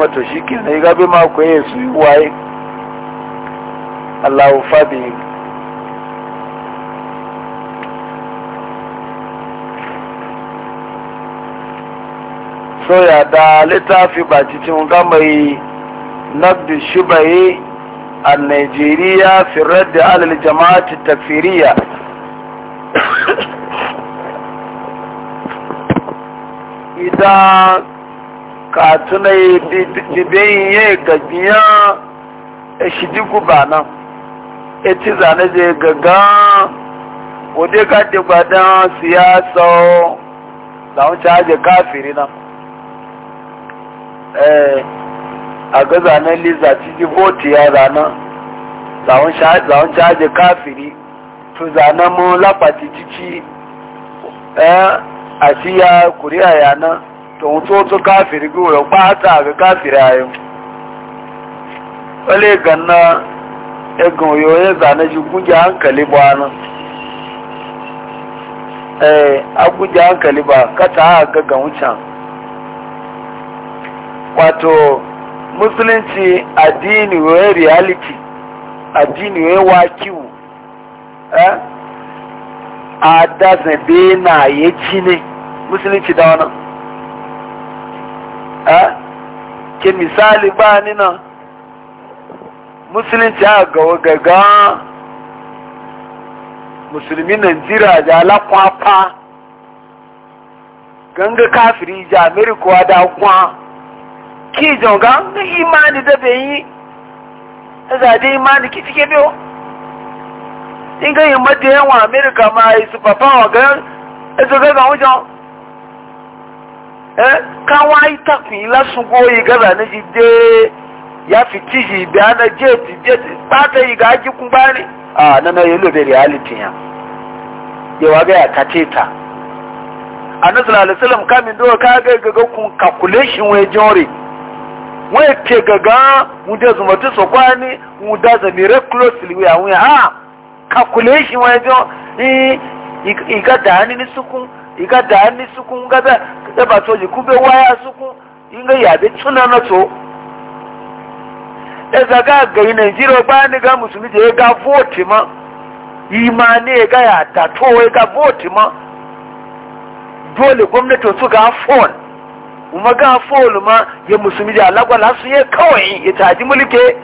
wato shi ke na igabe ma kwaye su yi waye allahu fadi so ya da littafi ba cikin gamayi nagdi shubaye a nigeria firar da alal jama'ati tafiriya idan katuna bibiyin ya gabiya a e shidi guba nan ya e ci zane je gaga wadda ka ti gbadan siyasa da wuce haje kafiri nan e, a ga zanen liza ciki voti ya zanen zawon haje kafiri to zanen mun lafati ciki a siya kuriya yanan tòun tó tó káfìrí gúrò pátá àgbẹ̀ káfìrí ayé ó lè gànà egun yóò yẹ zànà ju gúnjà hankali bọ́ anu eh agúnjà hankali ba kata a gaga wucan wato musulunci addini wai reality addini wai wakiwu eh a dazin bena ya ci ne musulunci da wannan a ke misali ba ni nan musulunci a gawa gaga musulmi najira da alakwapa ganga kafiri ja amerika da kwa ki jonga ga imani da bai yi e zade imani ki cike biyo in ga yi madiyan wa amerika ma yi su papa wa ga ezo ga ga kawa ita fi lasu goyi gaza na ya fi tiji biya na jeti jeti ta yi ga haji bani a na na yalo da reality ya yawa ga ya kace ta a na sallallahu alaihi kamin do ka ga gaga kun calculation we jore we ke gaga mu da zuma ta so kwani mu da za miraculously we awun ha calculation we jo i ga dani ni sukun iga da hannu sukun ga da da ba to jiku waya suku inga ya be tuna na to da e zaga ga yi Nigeria ba ni ga musulmi je ga vote ma imani e ga ya ta to e ga vote ma dole gwamnati su ga phone kuma ga phone ma ya musulmi je alagwala su ye kawai ya taji mulke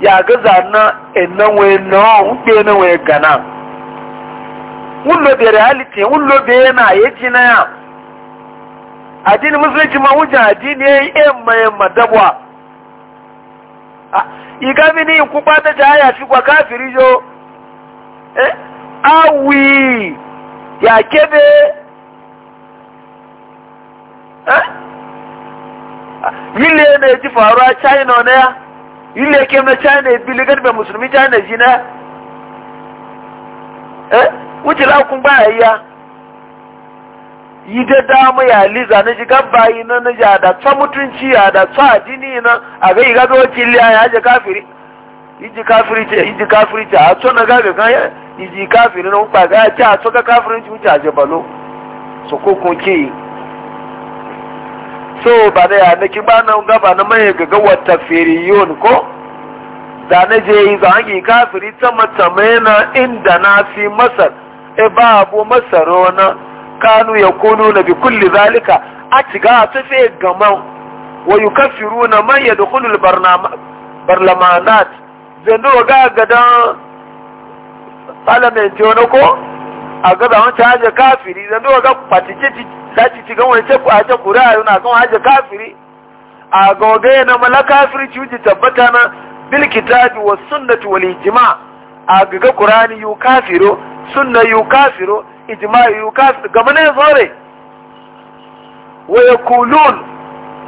ya ga zanna enan we no be na we gana wullo be reality wullo be yana yaji na ya addini musulunci ma wuce addini ya yi yamma yamma dabwa iga mini ku bata ta haya shi kwa kafiri yo eh awi ya kebe eh yile ne ji faruwa china na ya yile na china biligar be musulmi china ji na eh wujila kun ba ya yi da damu ya liza na ji yi na na ji da ta mutunci ya da ta dini na a ga yi gado wakil liya ya ji kafiri iji kafiri ce ji kafiri ce a to na gaga kan ya iji kafiri na ba ga ya ce a to ga kafirin ci wuce a balo, so ko kun ke so ba da ya na ki ba na gaba na mai gaga wata yon ko da na je yi za a yi kafiri ta matamai na inda na fi masar e ba abu masaro na kanu ya kunu na bi kulli zalika a ciga ta fi gaman wa yukaffiru na man ya dukulul barlamanat zendo ga gadan parliament wani ko a gaba wani ta haje kafiri zendo ga patice ta ci ci gan a ce kwace a yana kan haje kafiri a gogaye na malaka firci wuce tabbata na bilkita kitabi was sunnati wal ijma a gaga kurani yu kafiro sunna yukafiro ijma yukafiro gama ne zore wa yakulun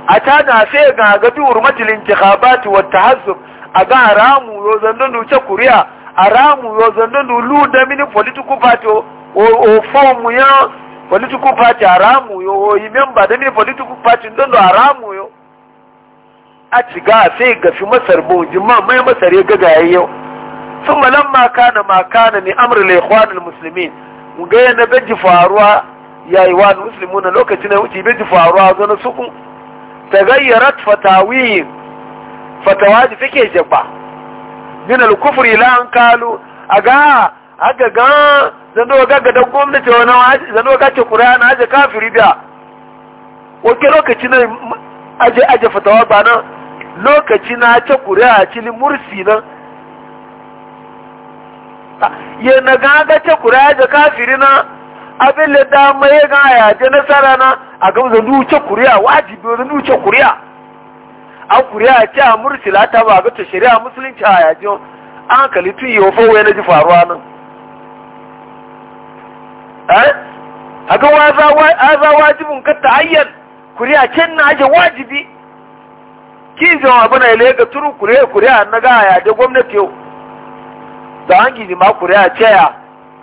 a ta na sai ga ga duwar majalin jihabati wa tahazzub a ga haramu yo zandon duce kuriya haramu yo zandon du lu da mini political party o form ya political party haramu yo o yi memba da mini political party don do haramu yo a ci gafe sai masar bo jimma mai masar ya ga ga yau sun ma kana ma kana ni amri la ikhwanul muslimin mu ga yana beji faruwa yayi wa muslimuna lokacin da wuce beji faruwa zo na suku tagayyarat fatawi fatawaji fike jabba min al kufri la an kalu aga aga ga zando ga ga dan gwamnati wani zando ga ce qur'ana aje kafiri da wace lokacin aje aje fatawa ba nan lokaci na ta kuri'a cili mursi na. ya na ga ce kura ga kafiri na abin da dama mai ga ya ji nasara na a ga zan duce kuriya wajibi zan duce kuriya a kuriya ce a mursila ta ba ga ta shari'a musulunci a yaje an kali tun yi wafo wai na ji faruwa nan eh a ga waza wajibin ka ta hayyan kuriya ce na aje wajibi kin jama'a bana ile ga turu kuriya kuriya na ga ya ji gwamnati yau da hangi ji ma kuriya caya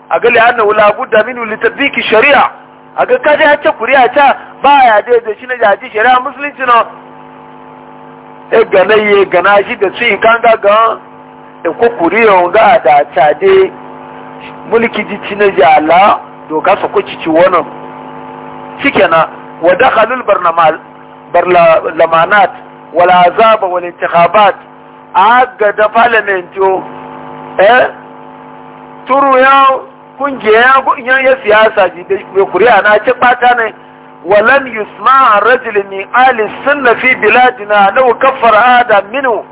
a ga liyan wula budda minu litabiki shari'a a ga kaje hacce kuri'a ta ba ya dai da shi na jaji shari'a musulunci na e gana ye gana shi da su kan ga ga e ku kuri'a ga da ta dai mulki ji ci na jala doka su kuci ci wannan shikenan wa dakhalul barnamal barlamanat wal azaba wal intikhabat ga da parliament eh turu ya kungiya ya kungiya ya siyasa ji da ku kuriya na ce fata ne walan yusma rajul min ali sunna fi biladina law kaffara hada minu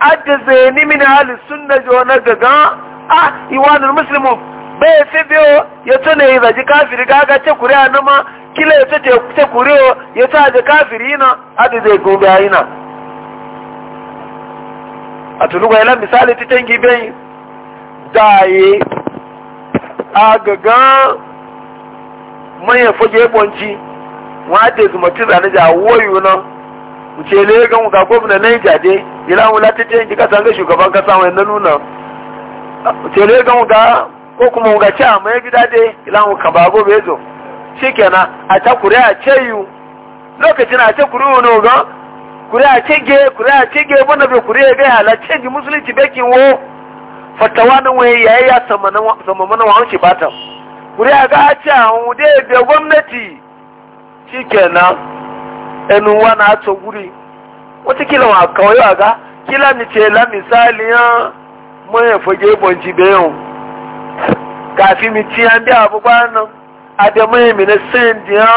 ajzani min ali sunna jo na daga ah iwan muslimu bai fi biyo ya ta ne ya ji kafiri ga ce kuriya na ma kila ya ce ce kuriyo ya ta ji kafiri na ajzai gobe ina a tuluga ilan misali ta tangi bai daye a gaga manyan fage bonci wadda su mutu zane da woyu nan wuce le gan ga gwamna na yi jade ilan wula ta tangi kasa ga shugaban kasa wani na nuna wuce le gan ga ko kuma ga ci a mai gida dai ila ka bago bai zo shi kenan a ta kure a ce yi lokacin a ce kuri wani ga kuri a cege kuri a cege wanda bai kuri ya bai halarci ji musulunci bai ki wo fatawa nan ya yayi ya sama mana wa hanci bata kuri a ga ci a hude bai gwamnati shikenan enu wana ato guri wata kila wa kawai a ga kila ni ce la misali ya mun ya fage bonci bayan kafi mi ci an bi abu ba nan adama ya mina send ya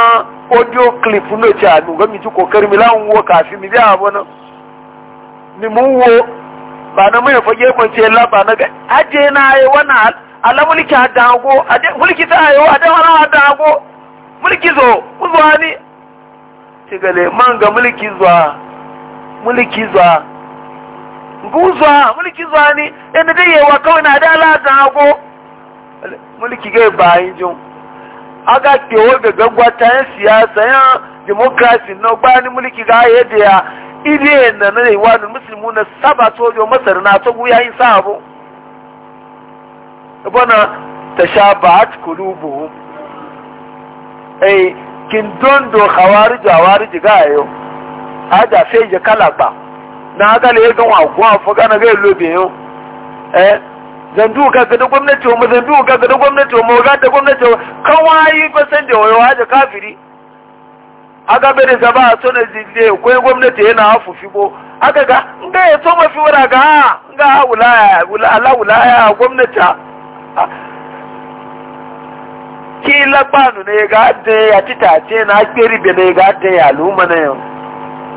audio clip no ci anu ga mi ci kokari mi lan wo kafi mi biya bona ni mu wo ba na mai fage kun ce la ba na ga aje na yi wannan ala mulki adago ade mulki ta yi wa da wala adago mulki zo uzuwa ni ci gale man ga mulki zuwa mulki zuwa guzwa mulki zuwa ni inda dai yawa kawai na da ala adago mulki ga bayin jin aga kewa ga gaggwata yan siyasa yan demokrasi na gbani mulki ga yadda ya ile na na rewa da na saba sojo masar na ta guya yin sabo e bana ta sha ba'at kulubu eh kin don do khawarij khawarij ga yo ada sai je kala ba na ga le ga wa gwa ga na ga lobe yo eh zandu ka gada gwamnati wa zandu ka gada gwamnati wa ga da gwamnati wa kawai ba san da wayo haje kafiri aga bere zaba so na zille ko gwamnati yana hafu fibo aga ga nga ya so mafi wara ga nga wulaya wulala wulaya gwamnati ki lagbanu ne ga de ya titace na akperi be ne ga de ya luma na yo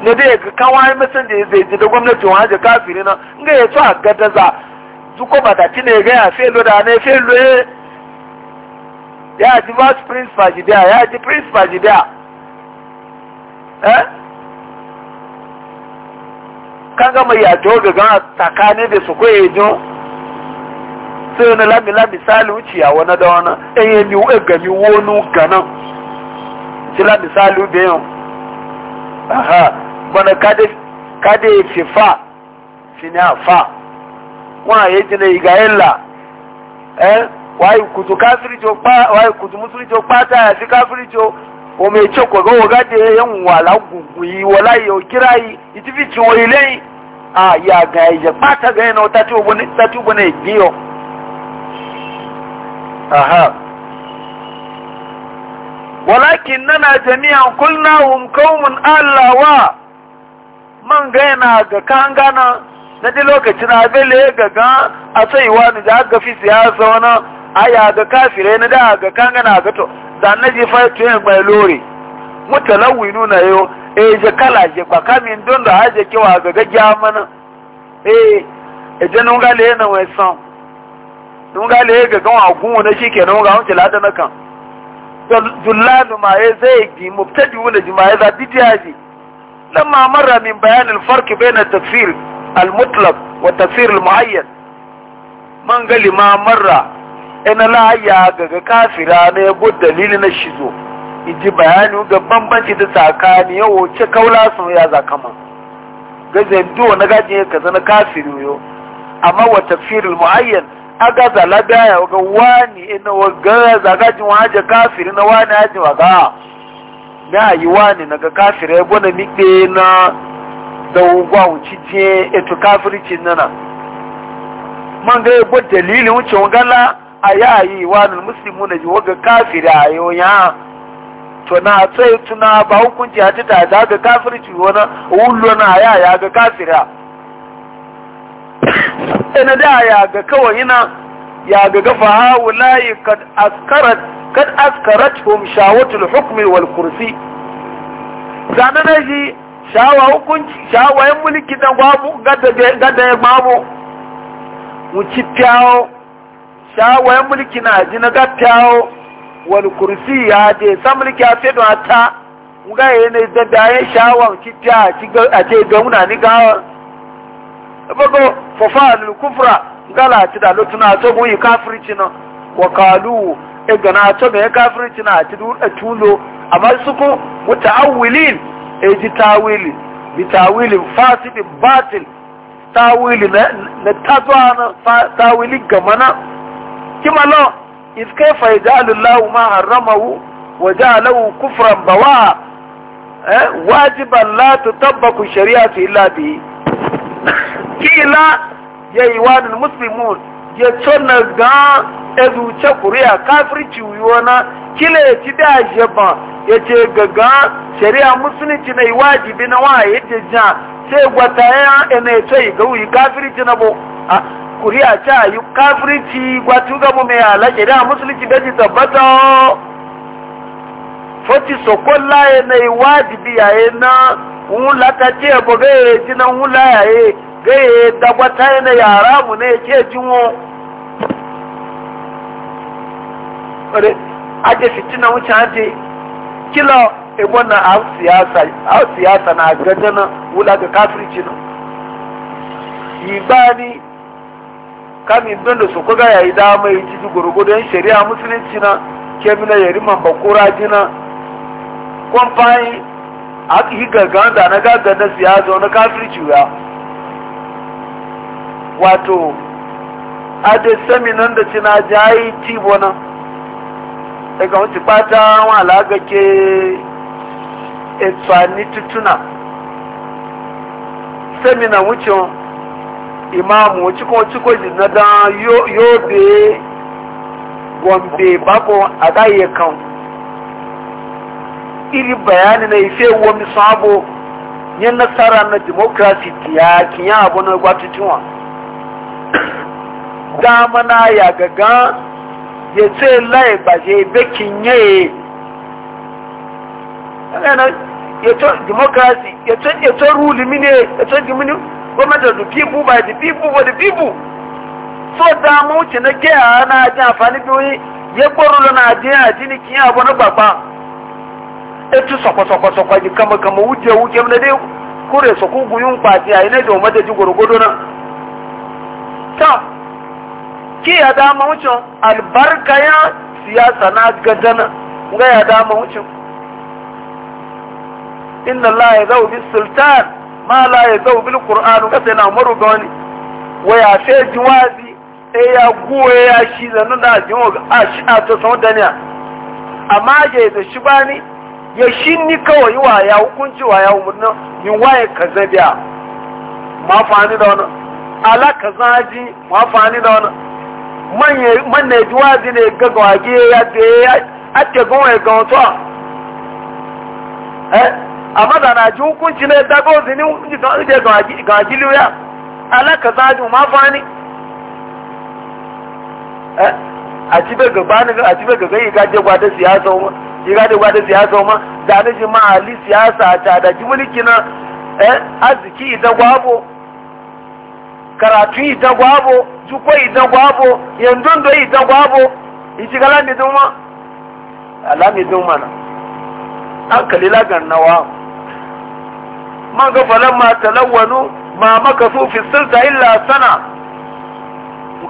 ne de kawai masan da zai ji da gwamnati wa haje kafiri na nga ya so agada za tukɔ pataki na ege ya fe lo da na efe ya di vice principal jide a ya di principal jide a ɛ eh? kanga ma ya to gaga tsakanin da su ko ye jo sai wani lamila misali wuciya wani da wani enye mi wo ega mi wo nu ganan sila misali ube yau aha bana kade kade e fi fa fa nwaanyị ejina igaela wàá ìkùtù káfírí tí ó pa wàá ìkùtù mùsùlùmí tí ó pa táyà sí káfírí tí ó omi ìtsokò kó wò gáde ehun wà lágùnkùn yìí wọlá ya ga yìí ìtìfì tì wọ́n yìí lẹ́yìn na àgàn ẹ̀jẹ̀ pátá gẹ́yìn náà tàtí òbó náà ègbé yọ. wọ́lákin nana jẹ̀mí àǹkólná òǹkóhùn àlàwà mọ̀ngẹ́yìn náà na ji lokacin abele ga ga a tsaiwa ni da aka fi siyasa wani aya ga kafire ni da ga kangana ga to da na ji fa to mai lori mutalawinu na yo e eh, je kala je kwa kamin don da aje kewa ga ga jamana eh e je nunga le na wai san nunga le ga wa gun na shi nunga ga mun tilata na kan to dullanu ma ya zai gi mubtadi wala jima'a za bidiyaji lamma marra min bayan al-farq bayna at-tafsir المطلق والتفسير المعين من قال ما مرة إن لا يا كافرة أنا يقول دليل نشيزو iji bayani ga bambanci da tsakani yau ce kaula sun ya za kama gajen duwa na gajin ka zana kafiru yo amma wa tafsirul muayyan aga za la ga ga wani ina wa ga za gajin wa na wani haje wa ga na yi wani na ga kafire gona miƙe na da a wuci je etu kafircin nana man ga yabo dalilin wuce wugala a yayi wani muslimu na ji waga kafiri a yau ya to na tsaye tuna ba hukunci a tita da ga kafirci wani wullo na ya ya ga kafira ina da ya ga kawai yana ya ga gafa haulayi kad askarat kad askarat hum shawatul hukmi wal kursi zananaji shawa hukunci shawayen mulki da babu gada ya babu wuci tiyawo shawayen mulki na ji na gattiyawo wani kursi ya je san mulki a fedo a ta nga yi ne da shawa shawan kitiya a ce gauna ni gawa bago fafa lukufra gala ci da lotuna to bu yi kafirci na wa kalu e gana to be kafirci na ci du e tulo amma su ku mutaawilin eji tawili bi tawili fasidi batil tawili na na tazwana tawili gamana kimalo iz kaifa yaj'alu Allahu ma harramahu wa ja'alahu kufran bawa eh wajiban la tutabbaku shari'atu illa bihi kila yayi wani muslimun ya tsona ga ezuce kuriya kafirci ki kila ya ci da yaban ya ce gaga shari'a musulunci na iwa wajibi na waye yadda jiya sai gwata ya ina ya ce ga wuyi kafirci na bo a kuri'a a yi kafirci gwatu gabu mai ala shari'a musulunci da ji tabbata foti sokola ya na yi wajibi yaye na wula ta ce bo ga ya ji na wula yaye ga ya dagwata ya na yara mu ne ya ce jinwo ade fitina wuce ade kila ibon na a siyasa na siyasa na wula ga kafirci na ibani kamin don da su kuga yayi dama yi jiji gurgudun shari'a musulunci na kemina yari mamba bakura jina kwamfani a yi ga ganda na gaggan siyasa na kafirci ya wato a da saminan da cina jayi tibo nan daga wacce bata wọn alaga ke etuwa ni tutuna semina wucin imamu cikon cikon jina yobe gombe bako a daye kan iri bayani na ife san sabo yin nasara na demokrasi ya kiyan abu na gwatutuwa dama na ya gaga yẹtí ẹlá ìgbàjẹ ìbẹ́kì nyẹ́ẹ̀ ẹ̀nà yẹtọ́ democracy yẹtọ́ yẹtọ́ rúùlù mí ní yẹtọ́ dìmú ní gọ́mẹ̀ntì ọ̀dù pípù by the people for the people tó dààmú tì na kí àá náà jẹ́ àǹfààní bí wọ́n yẹ gbọ́rọ̀ lọ náà dín àdín ki ya dama wucin albarka ya siyasa na gajana ga ya dama wucin inna Allah zau bi sultan ma la zau bi kur'anu kasa yana maru ga wani waya sai jiwazi e ya guwe ya shi zanen da nuna jiwo ga a shi a to sama daniya amma ya yi da shi ni ya shi ni kawai wa ya hukunci wa ya umurna yi waye kazabiya ma fani da wani ala zaji ma fani da wani man eh? na ji na ne ya ce a ga wato a maza na ji hukunci ne daga wazi ne ga ya alaka zaji ma fani eh? a ci bai a gaba siyasa ma yi gaje siyasa ma da siyasa da na eh? arziki idan gwabo karatu chukwa idagwa abo yendondo idagwa abo ichigala miduma ala miduma na hankali gan nawa man ga falan ma talawwanu ma maka su fi sirta illa sana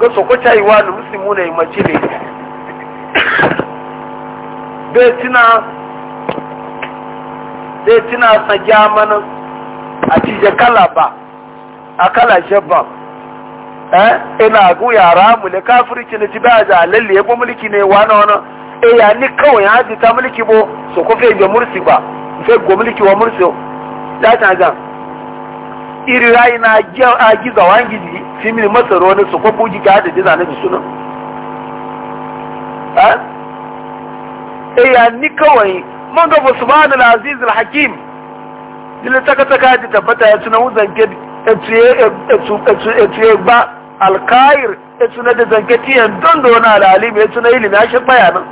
ga soko caiwa da muslimu ne mace ne bai tuna bai tuna sa gyamanin a cije kala ba a kala jabban Eh? ina gu yara mu ne kafirci ne ba ja lalle yabo mulki ne wani wani e eh, ya ni kawai ya ji ta mulki bo so ko fe je mursi ba fe go mulki wa mursi da ta ga iri rai na ga a giza wangi ji fi mi masaro ne so ko buji ga da jiza ne suno eh e ya ni kawai mun ga subhanal aziz al hakim dile taka taka ji tabbata ya suno zan kedi etu ya gba alkayir etu na da zankatiyan don da wani alalibu etu na ilimi ya shi bayanan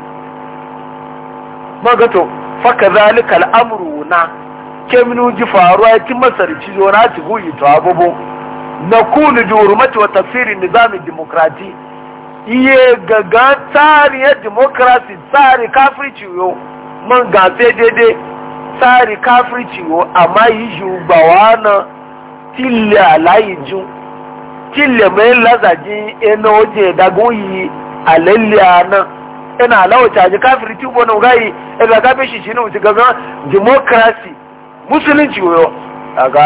magato faka zalika al'amuru na keminu ji faruwa ya ci masar ci zo na ci guyi to abubu na kulu ji hurmati wa tafsirin nizamin demokrati iye gaga tsari ya demokrasi tsari kafirci ciwo. man gafe daidai tsari kafirci ciwo amma yi shi gbawa na tilẹ̀ àláyìjú tilẹ̀ mẹ́rin lásàájí ẹnà oúnjẹ ìdágún yìí àlẹ́lẹ̀ àná ẹnà aláwọ̀ tàjí káfírí tí ó bọ́nà gáyìí ẹgbẹ́ kábíyèsí sínú ti gangan democracy musulunci wọ́n àga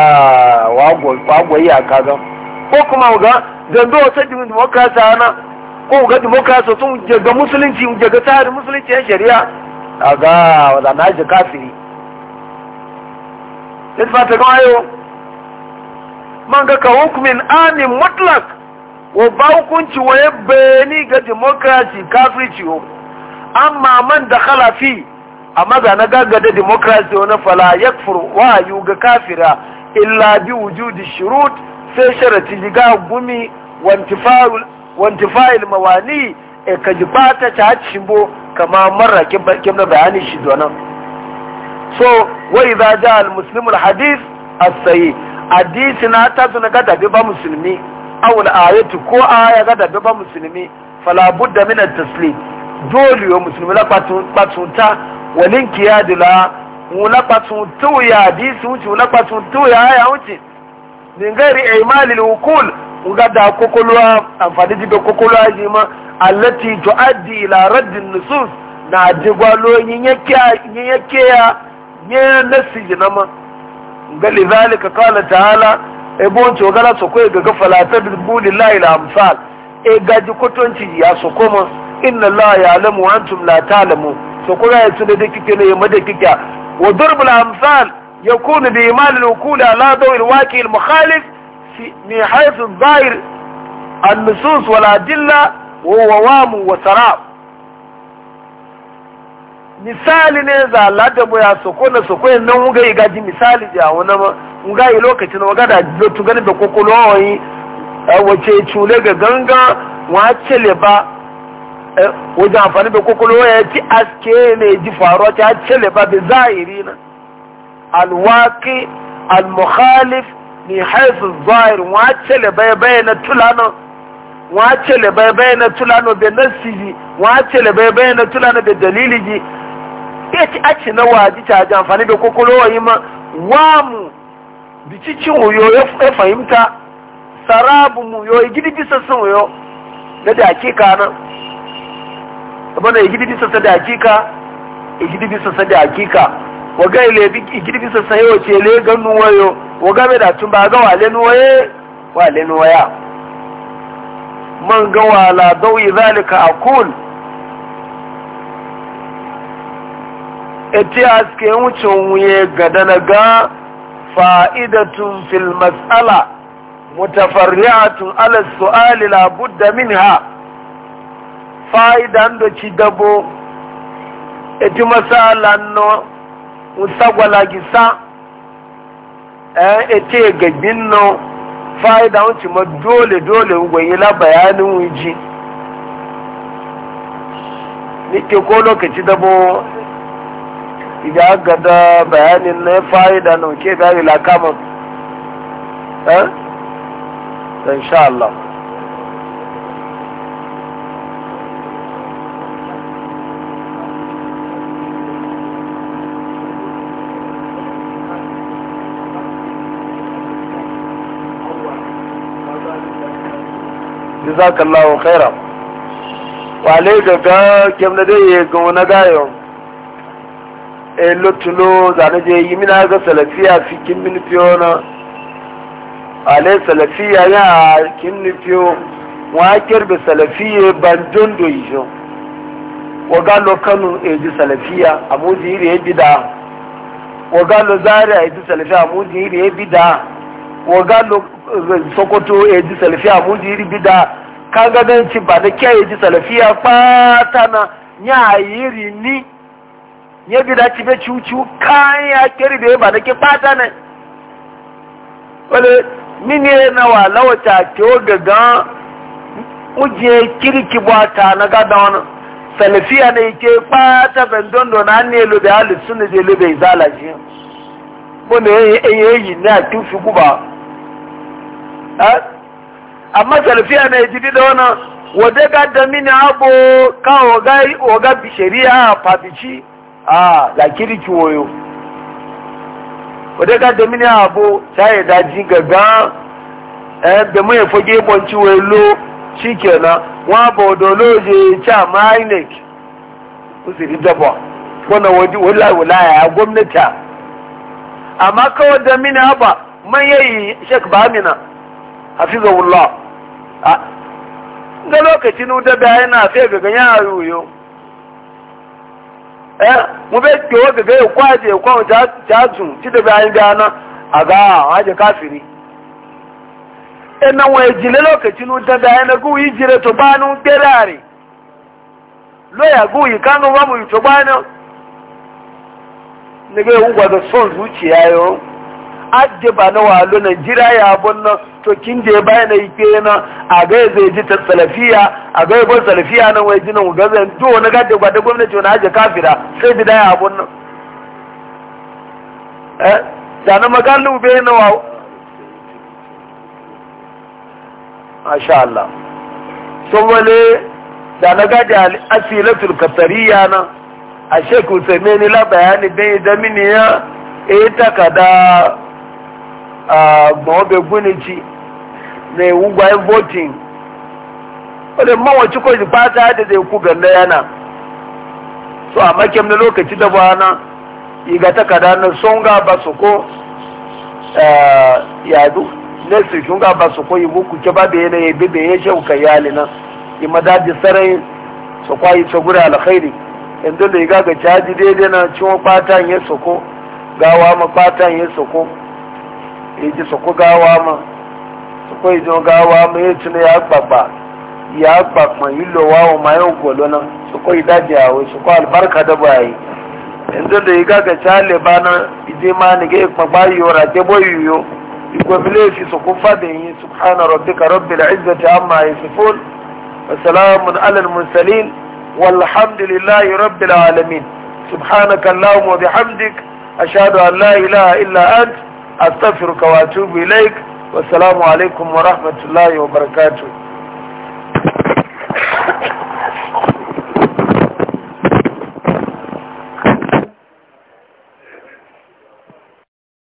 wàgbọ̀ yìí aka gan ko kuma ga o wata democracy ana ko ga democracy je jaga musulunci jaga tsari musulunci yan shari'a àga kafiri. jẹ káfírí. Lẹ́tí fàtẹ̀ kan ayọ́ man ga ka hukumin ani mutlak wa ba hukunci wa ya bayani ga demokrasi kafirci yo amma man da halafi a maza na gagada demokrasi na fala ya wa ga kafira illa bi wujudi shirut sai sharati jiga gumi wantifa'il mawani e ka ji bata ta cimbo kama mara kimna bayanin shi donan so wai za ja al-muslimul hadith as-sahih hadisi na ta suna ga dabi ba musulmi awul ayatu ko aya ga dabi ba musulmi fala budda min at-taslim dole yo musulmi la patun ta walin kiyadula wala patun tu ya hadisi wuce wala patun tu ya aya wuce min gari imali al-uqul ga da kokolwa amfani ji da kokolwa ji ma allati tuaddi ila radd al nusus na jigwalo yin yake yin yake ya ne nasiji na ma قال ذلك قال تعالى ابونت وقال سكوية قفلا تدبون الله إلى أمثال إيجاد كتنتي يا سكوما إن الله يعلم وأنتم لا تعلموا سكوية سنديكتين يمدكتا وضرب الأمثال يكون بإيمان الوكول على دو الواكي المخالف من حيث الظاهر النصوص والأدلة وهو وام وسراب misali ne za lada boya ya soko na soko yin nan wuga iga ji misali ji a wani ma wuga yi lokacin waga da lotu gani da kokolo wani wace cule ga ganga wace le ba wajen amfani da kokolo ya ti aske ne ji faruwa ta cele ba bi zahiri na alwaki almukhalif ni haifu zahiri wace le bai na tulano wace le bai na tulano da nasiji wace le ba bai na tulano bai daliliji eti aci na waji caji amfani da kokolowa yi ma wamu da cikin wuyo ya fahimta sarabu mu yo yi gidi bisa sun wuyo na da hakika nan na yi gidi bisa sa da hakika yi gidi bisa sa da hakika ga ile yi gidi bisa sa yau ce le ga nuwayo waga mai da tun ba ga wale nuwaye wale nuwaya man ga wala dawi zalika akul eti aske wucin wuye ga danaga fa'idatun fil mas'ala mutafarri'atun ala su'ali la budda minha fa'idan do ci dabo eti masala no musagwala gisa eh, eti gagbin no fa'idan wucin ma dole dole gwayi la bayanin wuji nike ko lokaci dabo idan aka da bayanin na fa'ida na ke gari lakamun eh insha Allah jazakallahu khairan wale gaga kemna dai ga wani gayon lotulo zane je yi mina ga salafiya fi kin min fiyo na ale salafiya ya kin ni fiyo wa kirbe salafiye ban don do yi jo wa galo kanu e ji salafiya amuji iri e bida wa galo zaria e ji salafiya amuji iri e bida wa galo eh, sokoto e ji salafiya amuji iri bida kaga dan ci ba da kyai e ji salafiya kpatana nya yiri ni nye gida ci be cucu kan ya kiri de ba da ke fata ne wale mini na wa lawata ke o gaga uje kiri ki bwata na gada wani salafiya ne ke fata bendondo na ne lobe alu sunne je lobe izala ji bo ne eye e, e yi ne a tufi guba amma salafiya ne ji da wani wadda gada mini abu kan oga shari'a fabici Ah, a da kirki woyo wadda da mini abu ta yi daji gaga da mai fage bonci welo shi kenan wọn bọ̀ dọ̀lọ́ọ̀dẹ̀ cha minec ó sì na dọ́bọ̀ kọ́nà wọláwọláyà ya gwamnati amma kawai da mini haba man yayi shek bamina hafizahullah a ga lokacin da bayan na fiye ga ganyen yoyo eh mu be ke o gaga kwa je kwa ja ja zu na aga haje kafiri ina wa jile lokacin uta da yana ku yi jire to banu kerare lo ya ku yi kanu ba mu to banu ne ga adde ba na walo na jira ya bunna to kin je ba na yake na a ga zai ji ta salafiya a ga ba salafiya nan wai jinan ga zan to na ga da gwada gwamnati na aje kafira sai bi da ya bunna eh da na magalu be na wa masha Allah so wale da na ga da asilatul kasariya nan a shekul sai ne la bayani bai da miniya eh takada Ah, gbọ́n bẹ gbóni jí na ewu gwa yin voting wadda mawaci ko ji fata da zai ku ganda yana so a makem na lokaci da bana iga takada na son ga ba su ko yadu na su shun ga ba su ko yi buku ke ba da yana ya bi da ya shi ka yali na yi madadi sarai su kwayi ta gura alkhairi yanzu da iga ga caji daidai na ciwon fatan ya soko gawa ma fatan ya soko eji suku gawa ma suku eji gawa ma ya ci na ya gbagba ya gbagba ilo wa wa ma yau gwalo nan suku idaji a wai suku albarka da ba yi yanzu da yi ka gaga cale ba na ije ma ni ga ba yi yau rage bo yi yau ikwe bile fi suku fada yi subhana rabbi ka rabbi da ta amma yi su ful wasalamun alal musalin walhamdulillahi rabbi la alamin subhanaka allahumma bihamdik ashadu an la ilaha illa anta astaghfiruka wa atubu ilaik wasalamu alaikum wa rahmatullahi wa barakatuh